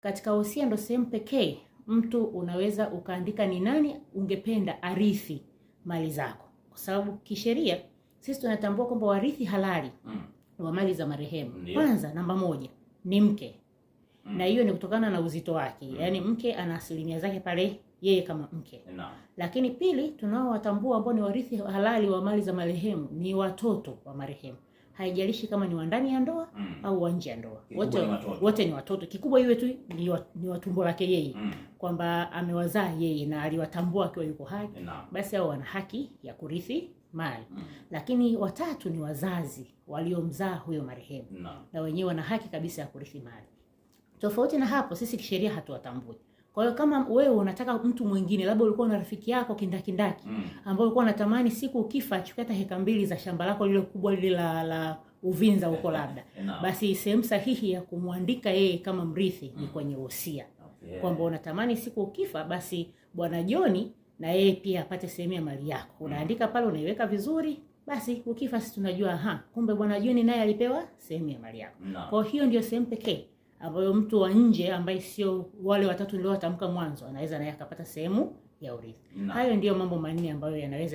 Katika wosia ndo sehemu pekee mtu unaweza ukaandika ni nani ungependa arithi mali zako, kwa sababu kisheria sisi tunatambua kwamba warithi halali mm. wa mali za marehemu mm. kwanza, namba moja ni mke mm. na hiyo ni kutokana na uzito wake mm. yaani mke ana asilimia zake pale yeye kama mke no. Lakini pili, tunaowatambua ambao ni warithi halali wa mali za marehemu ni watoto wa marehemu haijalishi kama ni wa ndani ya ndoa mm. au wa nje ya ndoa, wote wote ni watoto. Kikubwa iwe tu ni wa watumbo lake yeye mm. kwamba amewazaa yeye na aliwatambua akiwa yuko hai, basi hao wana haki ya kurithi mali mm. Lakini watatu ni wazazi waliomzaa huyo marehemu no. na wenyewe wana haki kabisa ya kurithi mali. Tofauti na hapo, sisi kisheria hatuwatambui. Kwa hiyo kama wewe unataka mtu mwingine, labda ulikuwa na rafiki yako kindakindaki mm. ambaye ulikuwa unatamani siku ukifa achukue hata heka mbili za shamba lako lile kubwa lile la, la Uvinza huko labda Basi sehemu sahihi ya kumwandika yeye kama mrithi mm. ni kwenye wosia okay. Kwamba unatamani siku ukifa basi bwana Joni na yeye pia apate sehemu ya mali yako, mm. unaandika pale, unaiweka vizuri basi ukifa sisi tunajua, ha kumbe bwana Joni naye alipewa sehemu ya mali yako no. Kwa hiyo ndio sehemu pekee ambayo mtu wa nje ambaye sio wale watatu niliowatamka mwanzo anaweza naye akapata sehemu ya urithi. Hayo ndiyo mambo manne ambayo yanaweza